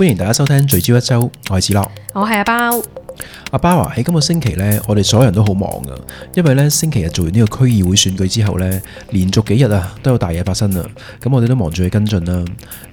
歡迎大家收聽《聚焦一周》，我係子樂，我係阿包。阿巴華喺今個星期呢，我哋所有人都好忙噶，因為呢星期日做完呢個區議會選舉之後呢，連續幾日啊都有大嘢發生啊，咁我哋都忙住去跟進啦。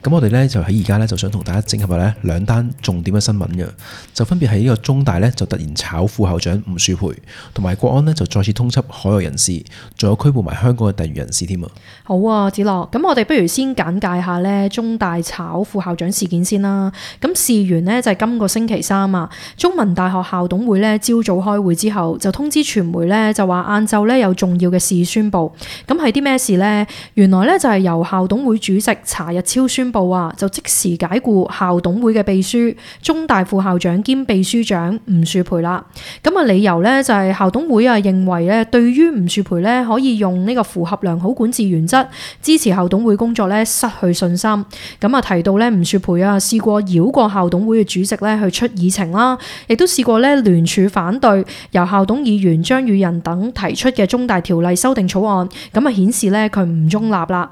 咁我哋呢，就喺而家呢，就想同大家整合下呢兩單重點嘅新聞嘅，就分別喺呢個中大呢，就突然炒副校長吳樹培，同埋國安呢，就再次通緝海外人士，仲有拘捕埋香港嘅訂閱人士添啊。好啊，子樂，咁我哋不如先簡介下呢中大炒副校長事件先啦。咁事緣呢，就係今個星期三啊，中文大學。校董會咧，朝早開會之後就通知傳媒咧，就話晏晝咧有重要嘅事宣布。咁係啲咩事呢？原來咧就係由校董會主席查日超宣布啊，就即時解雇校董會嘅秘書、中大副校長兼秘書長吳樹培啦。咁啊，理由咧就係校董會啊認為咧，對於吳樹培咧可以用呢個符合良好管治原則支持校董會工作咧失去信心。咁啊，提到咧吳樹培啊，試過繞過校董會嘅主席咧去出議程啦，亦都。試過咧聯署反對由校董議員張宇人等提出嘅中大條例修訂草案，咁啊顯示咧佢唔中立啦。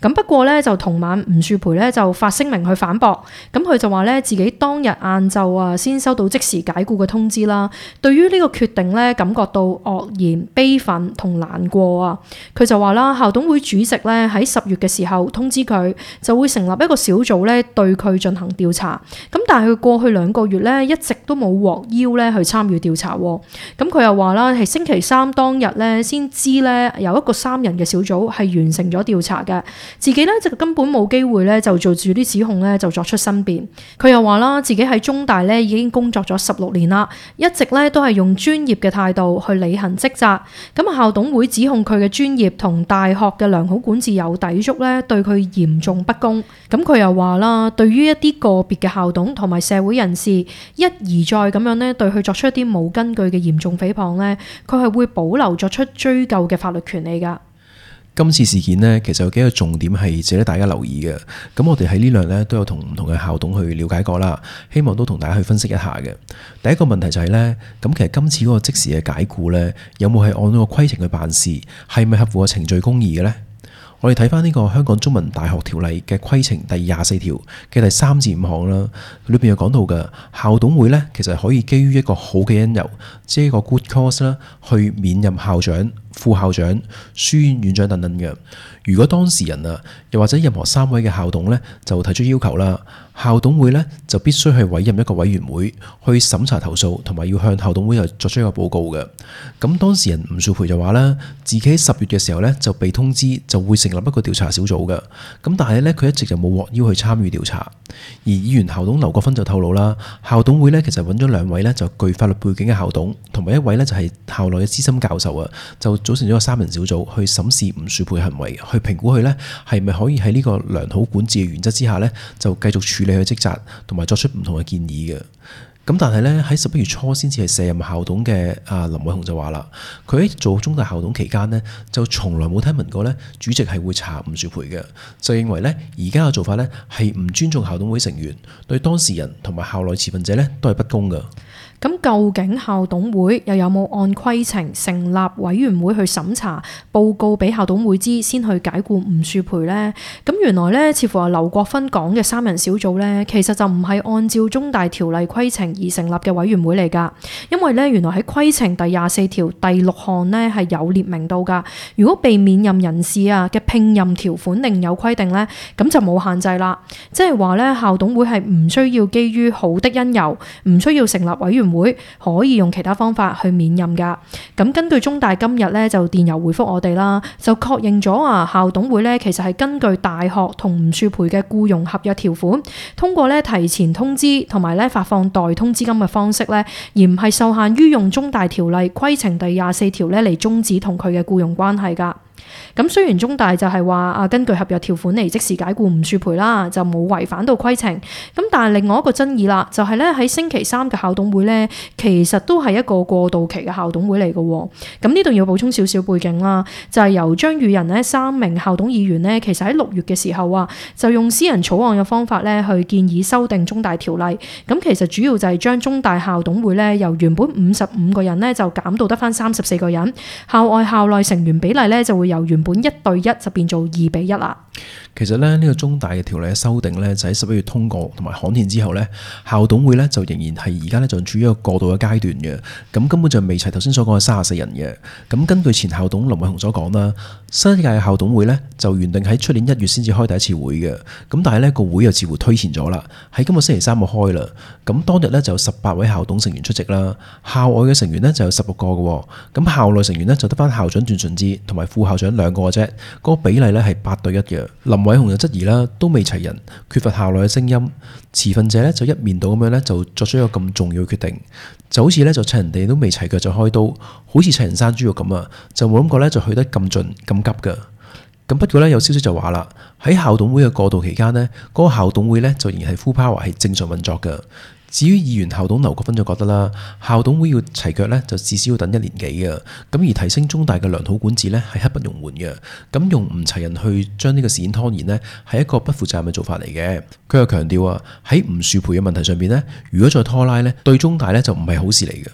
咁不過咧就同晚吳樹培咧就發聲明去反駁，咁佢就話咧自己當日晏晝啊先收到即時解僱嘅通知啦。對於呢個決定咧，感覺到愕然、悲憤同難過啊。佢就話啦，校董會主席咧喺十月嘅時候通知佢就會成立一個小組咧對佢進行調查。咁但係佢過去兩個月咧一直都冇獲邀咧去參與調查，咁佢又話啦，係星期三當日咧先知咧有一個三人嘅小組係完成咗調查嘅，自己咧就根本冇機會咧就做住啲指控咧就作出申辯，佢又話啦，自己喺中大咧已經工作咗十六年啦，一直咧都係用專業嘅態度去履行職責，咁校董會指控佢嘅專業同大學嘅良好管治有抵觸咧，對佢嚴重不公。咁佢又話啦，對於一啲個別嘅校董同埋社會人士一而再咁樣。咧對佢作出一啲冇根據嘅嚴重誹謗咧，佢係會保留作出追究嘅法律權利噶。今次事件咧，其實有幾個重點係值得大家留意嘅。咁我哋喺呢兩日都有同唔同嘅校董去了解過啦，希望都同大家去分析一下嘅。第一個問題就係呢：咁其實今次嗰個即時嘅解僱呢，有冇係按呢個規程去辦事，係咪合乎個程序公義嘅呢？我哋睇翻呢個《香港中文大學條例》嘅規程第廿四條嘅第三至五項啦，裏面有講到嘅校董會咧，其實可以基於一個好嘅因由，即係一個 good cause 啦，去免任校長，副校長、書院院長等等嘅，如果當事人啊，又或者任何三位嘅校董呢，就提出要求啦，校董會呢，就必須去委任一個委員會去審查投訴，同埋要向校董會又作出一個報告嘅。咁當事人吳樹培就話啦，自己喺十月嘅時候呢，就被通知就會成立一個調查小組嘅，咁但係呢，佢一直就冇獲邀去參與調查。而議員校董劉國芬就透露啦，校董會呢，其實揾咗兩位呢，就具法律背景嘅校董，同埋一位呢，就係校內嘅資深教授啊，就。組成咗個三人小組去審視吳樹培行為，去評估佢呢係咪可以喺呢個良好管治嘅原則之下呢，就繼續處理佢職責，同埋作出唔同嘅建議嘅。咁但係呢，喺十一月初先至係卸任校董嘅阿林偉雄就話啦，佢喺做中大校董期間呢，就從來冇聽聞過呢主席係會查吳樹培嘅，就認為呢而家嘅做法呢，係唔尊重校董會成員，對當事人同埋校內持份者呢，都係不公噶。咁究竟校董會又有冇按規程成立委員會去審查報告俾校董會知，先去解雇吳樹培咧？咁原來咧，似乎係劉國芬講嘅三人小組咧，其實就唔係按照中大條例規程而成立嘅委員會嚟噶。因為咧，原來喺規程第廿四條第六項咧係有列明到噶，如果被免任人士啊嘅聘任條款另有規定咧，咁就冇限制啦。即係話咧，校董會係唔需要基於好的因由，唔需要成立委員會。會可以用其他方法去免任噶。咁根據中大今日咧就電郵回覆我哋啦，就確認咗啊校董會咧其實係根據大學同吳樹培嘅僱傭合約條款，通過咧提前通知同埋咧發放代通知金嘅方式咧，而唔係受限於用中大條例規程第廿四條咧嚟終止同佢嘅僱傭關係噶。咁雖然中大就係話啊，根據合約條款嚟即時解僱唔使賠啦，就冇違反到規程。咁但係另外一個爭議啦，就係咧喺星期三嘅校董會咧，其實都係一個過渡期嘅校董會嚟嘅。咁呢度要補充少少背景啦，就係、是、由張宇人呢三名校董議員呢，其實喺六月嘅時候啊，就用私人草案嘅方法咧去建議修訂中大條例。咁其實主要就係將中大校董會咧由原本五十五個人咧就減到得返三十四個人，校外校內成員比例咧就會有。由原本一對一就變做二比一啦。其實咧呢個中大嘅條例修訂呢，就喺十一月通過同埋刊憲之後呢，校董會呢，就仍然係而家呢，仲處於一個過渡嘅階段嘅，咁根本就未齊頭先所講嘅三十四人嘅。咁根據前校董林偉雄所講啦，新一屆嘅校董會呢，就原定喺出年一月先至開第一次會嘅，咁但係呢個會又似乎推前咗啦，喺今日星期三就開啦。咁當日呢就有十八位校董成員出席啦，校外嘅成員呢，就有十六個嘅，咁校內成員呢，就得翻校長段崇智同埋副校長兩個嘅啫，嗰個比例呢，係八對一嘅。林偉雄就質疑啦，都未齊人，缺乏校內嘅聲音，持份者咧就一面倒咁樣咧就作出一個咁重要嘅決定，就好似咧就趁人哋都未齊腳就開刀，好似拆人山豬肉咁啊，就冇諗過咧就去得咁盡咁急噶。咁不過咧有消息就話啦，喺校董會嘅過渡期間呢，嗰、那個校董會咧就仍然係 full power 係正常運作嘅。至於議員校董劉國芬就覺得啦，校董會要齊腳咧，就至少要等一年幾嘅。咁而提升中大嘅良好管治咧，係刻不容緩嘅。咁用唔齊人去將呢個事件拖延咧，係一個不負責任嘅做法嚟嘅。佢又強調啊，喺吳樹培嘅問題上面咧，如果再拖拉咧，對中大咧就唔係好事嚟嘅。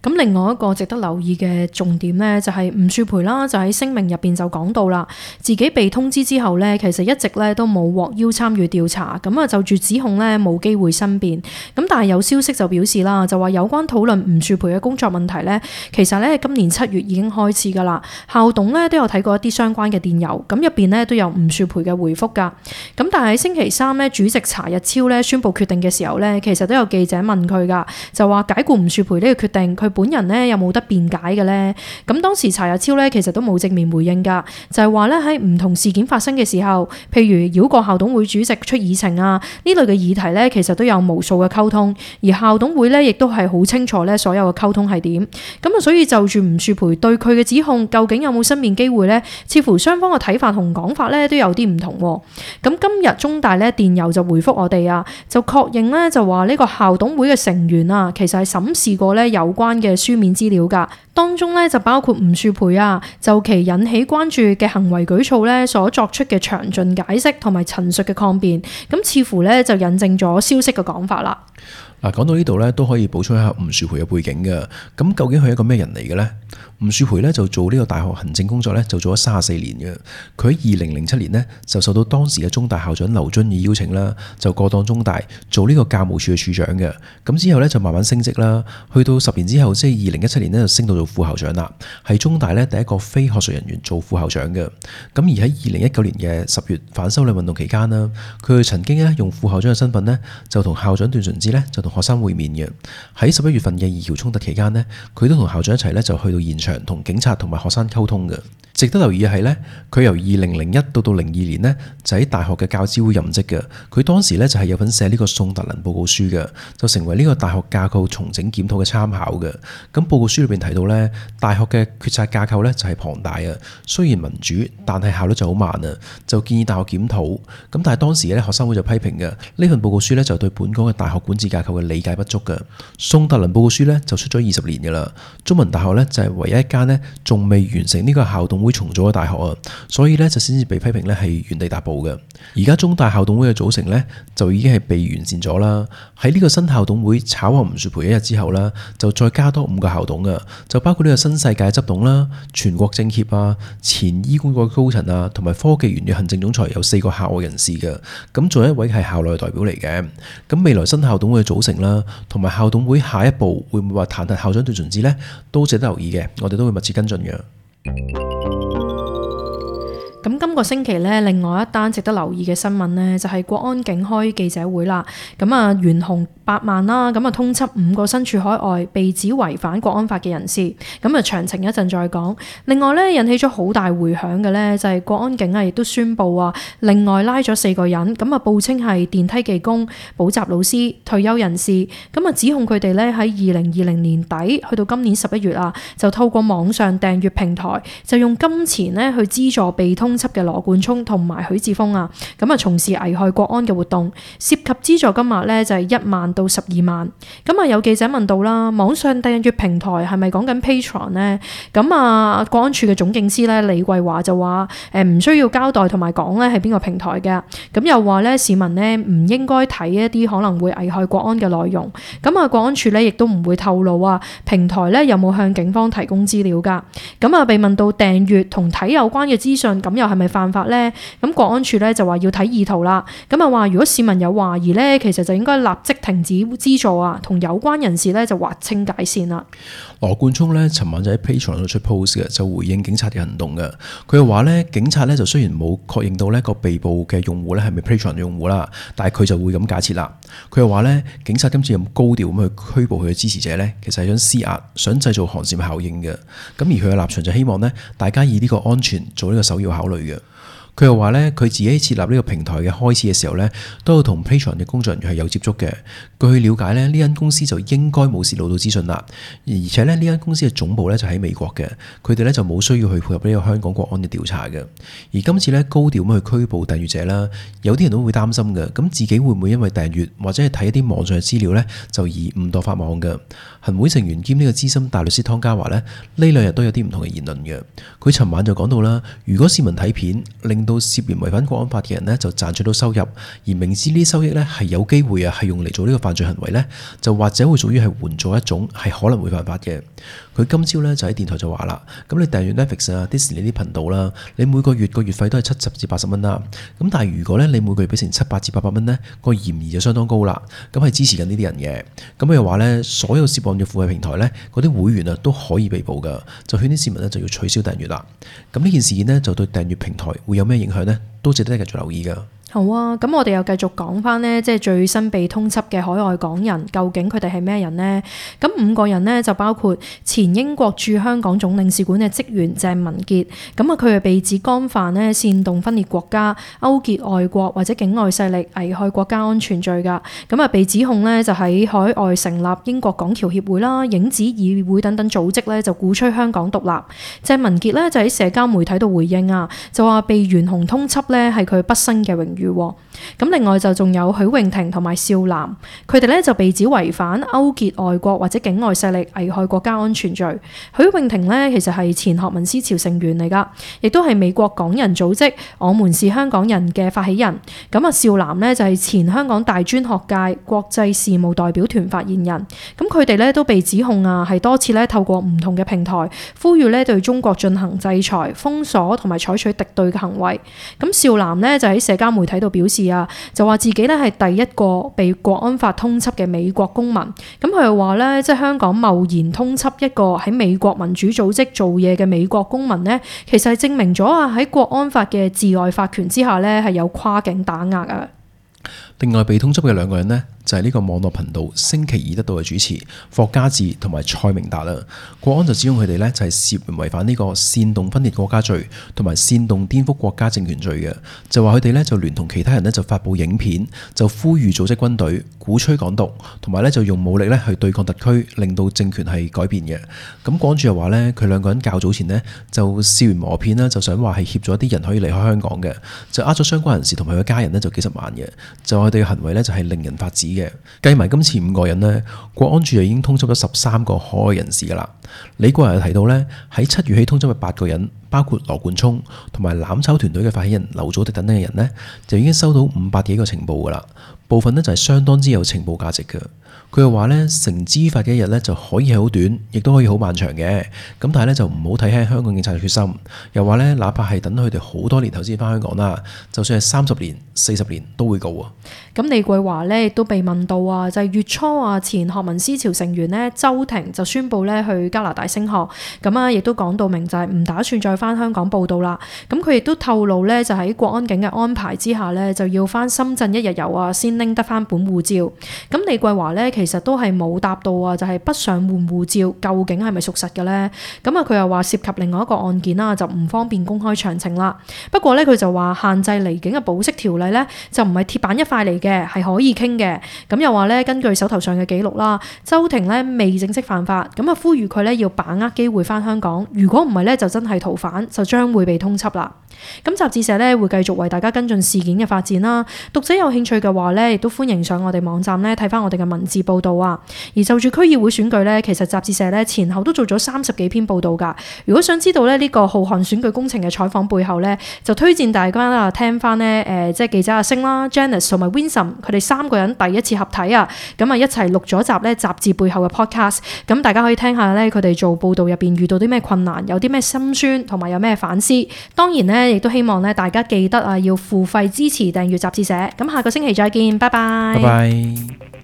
咁另外一個值得留意嘅重點呢，就係吳樹培啦，就喺聲明入面就講到啦，自己被通知之後呢，其實一直呢都冇獲邀參與調查，咁啊就住指控呢冇機會申辯。咁但係有消息就表示啦，就話有關討論吳樹培嘅工作問題呢，其實呢今年七月已經開始噶啦，校董呢都有睇過一啲相關嘅電郵，咁入面呢都有吳樹培嘅回覆噶。咁但係喺星期三呢，主席查日超呢宣布決定嘅時候呢，其實都有記者問佢噶，就話解僱吳樹培呢個決定，佢本人咧有冇得辯解嘅呢？咁當時查日超咧其實都冇正面回應噶，就係話咧喺唔同事件發生嘅時候，譬如繞過校董會主席出議程啊呢類嘅議題咧，其實都有無數嘅溝通，而校董會咧亦都係好清楚咧所有嘅溝通係點。咁啊，所以就住吳樹培對佢嘅指控究竟有冇申辯機會呢？似乎雙方嘅睇法同講法咧都有啲唔同。咁今日中大咧電郵就回覆我哋啊，就確認呢，就話呢個校董會嘅成員啊，其實係審視過呢有關，嘅書面資料噶，當中咧就包括吳樹培啊，就其引起關注嘅行為舉措咧所作出嘅詳盡解釋同埋陳述嘅抗辯，咁似乎咧就引證咗消息嘅講法啦。嗱，講到呢度咧，都可以補充一下吳樹培嘅背景嘅。咁究竟佢係一個咩人嚟嘅呢？吳樹培呢就做呢個大學行政工作呢就做咗三十四年嘅。佢喺二零零七年呢就受到當時嘅中大校長劉遵義邀請啦，就過當中大做呢個教務處嘅處長嘅。咁之後呢就慢慢升職啦，去到十年之後，即係二零一七年呢，就升到做副校長啦，係中大呢第一個非學術人員做副校長嘅。咁而喺二零一九年嘅十月反修例運動期間啦，佢曾經呢用副校長嘅身份呢，就同校長段崇智呢。就同。學生會面嘅。喺十一月份嘅二橋衝突期間呢，佢都同校長一齊呢，就去到現場同警察同埋學生溝通嘅。值得留意嘅係呢，佢由二零零一到到零二年呢，就喺大學嘅教資會任職嘅。佢當時呢，就係有份寫呢個宋達麟報告書嘅，就成為呢個大學架構重整檢討嘅參考嘅。咁報告書裏邊提到呢，大學嘅決策架構呢，就係龐大啊，雖然民主，但係效率就好慢啊。就建議大學檢討。咁但係當時咧學生會就批評嘅，呢份報告書呢，就對本港嘅大學管治架構嘅理解不足嘅。宋達麟報告書呢，就出咗二十年噶啦，中文大學呢，就係唯一一間呢，仲未完成呢個校董會重組嘅大學啊，所以咧就先至被批評咧係原地踏步嘅。而家中大校董會嘅組成咧就已經係被完善咗啦。喺呢個新校董會炒咗吳樹培一日之後啦，就再加多五個校董嘅，就包括呢個新世界執董啦、全國政協啊、前醫管局高層啊，同埋科技園嘅行政總裁有四個校外人士嘅。咁仲有一位係校內代表嚟嘅。咁未來新校董會嘅組成啦，同埋校董會下一步會唔會話彈劾校長段崇智呢？都值得留意嘅，我哋都會密切跟進嘅。咁今個星期呢，另外一單值得留意嘅新聞呢，就係國安警開記者會啦。咁啊，懸紅八萬啦，咁啊通緝五個身處海外、被指違反國安法嘅人士，咁啊詳情一陣再講。另外咧引起咗好大迴響嘅咧，就係國安警啊，亦都宣布啊，另外拉咗四個人，咁啊報稱係電梯技工、補習老師、退休人士，咁啊指控佢哋咧喺二零二零年底去到今年十一月啊，就透過網上訂閱平台，就用金錢咧去資助被通緝嘅羅冠聰同埋許智峰啊，咁啊從事危害國安嘅活動，涉及資助金額咧就係一萬。到十二萬咁啊！有記者問到啦，網上訂閱平台係咪講緊 Patreon 呢？咁啊，國安處嘅總警司咧李桂華就話：誒、呃、唔需要交代同埋講咧係邊個平台嘅。咁又話咧市民呢唔應該睇一啲可能會危害國安嘅內容。咁啊，國安處咧亦都唔會透露啊平台咧有冇向警方提供資料㗎？咁啊，被問到訂閱同睇有關嘅資訊，咁又係咪犯法咧？咁國安處咧就話要睇意圖啦。咁啊話如果市民有懷疑咧，其實就應該立即停。資助啊，同有關人士咧就劃清界線啦。羅冠聰咧，尋晚就喺 Patreon 度出 post 嘅，就回應警察嘅行動嘅。佢又話咧，警察咧就雖然冇確認到呢個被捕嘅用戶咧係咪 Patreon 用戶啦，但係佢就會咁解設啦。佢又話咧，警察今次咁高調咁去拘捕佢嘅支持者咧，其實係想施壓，想製造寒蟬效應嘅。咁而佢嘅立場就希望咧，大家以呢個安全做呢個首要考慮嘅。佢又話咧，佢自己設立呢個平台嘅開始嘅時候咧，都有同 Patreon 嘅工作人員係有接觸嘅。據了解咧，呢間公司就應該冇泄露到資訊啦，而且咧呢間公司嘅總部咧就喺美國嘅，佢哋咧就冇需要去配合呢個香港國安嘅調查嘅。而今次咧高調咁去拘捕訂閱者啦，有啲人都會擔心嘅，咁自己會唔會因為訂閱或者係睇一啲網上嘅資料咧，就而誤墮法網嘅？行會成員兼呢個資深大律師湯家驊咧，呢兩日都有啲唔同嘅言論嘅。佢尋晚就講到啦，如果市民睇片令，到涉嫌違反國安法嘅人呢，就賺取到收入，而明知呢啲收益呢係有機會啊，係用嚟做呢個犯罪行為呢，就或者會屬於係援助一種係可能會犯法嘅。佢今朝咧就喺電台就話啦，咁你訂閱 Netflix 啊、迪士尼啲頻道啦，你每個月個月費都係七十至八十蚊啦。咁但係如果咧你每個月俾成七百至八百蚊咧，個嫌疑就相當高啦。咁係支持緊呢啲人嘅。咁佢又話咧，所有涉案嘅付費平台咧，嗰啲會員啊都可以被捕噶。就勸啲市民咧就要取消訂閱啦。咁呢件事件咧就對訂閱平台會有咩影響咧？多謝大家繼續留意噶。好啊，咁我哋又繼續講翻呢，即係最新被通緝嘅海外港人，究竟佢哋係咩人呢？咁五個人呢，就包括前英國駐香港總領事館嘅職員鄭文傑，咁啊佢係被指干犯呢，煽動分裂國家、勾結外國或者境外勢力、危害國家安全罪噶，咁啊被指控呢，就喺海外成立英國港僑協會啦、影子議會等等組織呢，就鼓吹香港獨立。鄭文傑呢，就喺社交媒體度回應啊，就話被懸紅通緝呢，係佢畢生嘅榮。與咁，另外就仲有許穎婷同埋邵嵐，佢哋呢，就被指違反勾結外國或者境外勢力危害國家安全罪。許穎婷呢，其實係前學民思潮成員嚟㗎，亦都係美國港人組織《我們是香港人》嘅發起人。咁啊，邵嵐呢，就係前香港大專學界國際事務代表團發言人。咁佢哋呢都被指控啊，係多次呢透過唔同嘅平台，呼籲呢對中國進行制裁、封鎖同埋採取敵對嘅行為。咁邵嵐呢就喺社交媒體。睇到表示啊，就話自己咧係第一個被國安法通緝嘅美國公民。咁佢又話咧，即係香港貿然通緝一個喺美國民主組織做嘢嘅美國公民咧，其實係證明咗啊，喺國安法嘅治外法權之下咧係有跨境打壓啊。另外被通緝嘅兩個人咧。就係呢個網絡頻道升旗易得道嘅主持霍家志同埋蔡明達啦。國安指他們就指控佢哋呢，就係涉嫌違反呢個煽動分裂國家罪同埋煽動顛覆國家政權罪嘅，就話佢哋呢，就聯同其他人呢，就發布影片，就呼籲組織軍隊、鼓吹港獨，同埋呢，就用武力呢，去對抗特區，令到政權係改變嘅。咁講住又話呢，佢兩個人較早前呢，就試完磨片啦，就想話係協助一啲人可以離開香港嘅，就呃咗相關人士同埋佢家人呢，就幾十萬嘅，就話佢哋嘅行為呢，就係令人髮指。計埋今次五個人呢，國安處就已經通緝咗十三個可疑人士啦。李桂華提到呢，喺七月起通緝嘅八個人，包括羅冠聰同埋攬炒團隊嘅發起人劉祖迪等等嘅人呢，就已經收到五百幾個情報噶啦。部分呢就係相當之有情報價值嘅。佢又話呢，成治法嘅一日呢就可以係好短，亦都可以好漫長嘅。咁但係呢，就唔好睇輕香港警察嘅決心。又話呢，哪怕係等佢哋好多年後先翻香港啦，就算係三十年、四十年都會告。咁李桂華呢都被問到啊，就係月初啊，前學民思潮成員呢，周庭就宣布呢去加拿大升學。咁啊，亦都講到明就係唔打算再翻香港報道啦。咁佢亦都透露呢，就喺國安警嘅安排之下呢，就要翻深圳一日遊啊先。拎得翻本護照，咁李桂華呢其實都係冇答到啊，就係不想換護照，究竟係咪屬實嘅呢？咁啊，佢又話涉及另外一個案件啦，就唔方便公開詳情啦。不過呢，佢就話限制離境嘅保釋條例呢，就唔係鐵板一塊嚟嘅，係可以傾嘅。咁又話呢，根據手頭上嘅記錄啦，周庭呢未正式犯法，咁啊呼籲佢呢要把握機會翻香港。如果唔係呢，就真係逃犯，就將會被通緝啦。咁集誌社呢會繼續為大家跟進事件嘅發展啦。讀者有興趣嘅話呢，亦都歡迎上我哋網站咧，睇翻我哋嘅文字報道啊！而就住區議會選舉咧，其實集誌社咧，前後都做咗三十幾篇報道噶。如果想知道咧，呢個浩瀚選舉工程嘅採訪背後咧，就推薦大家啊聽翻咧，誒，即係記者阿星啦、Janice 同埋 Vincent，佢哋三個人第一次合體啊，咁啊一齊錄咗集咧，集誌背後嘅 podcast。咁大家可以聽下咧，佢哋做報道入邊遇到啲咩困難，有啲咩心酸同埋有咩反思。當然咧，亦都希望咧，大家記得啊要付費支持訂閱集誌社。咁下個星期再見。拜拜。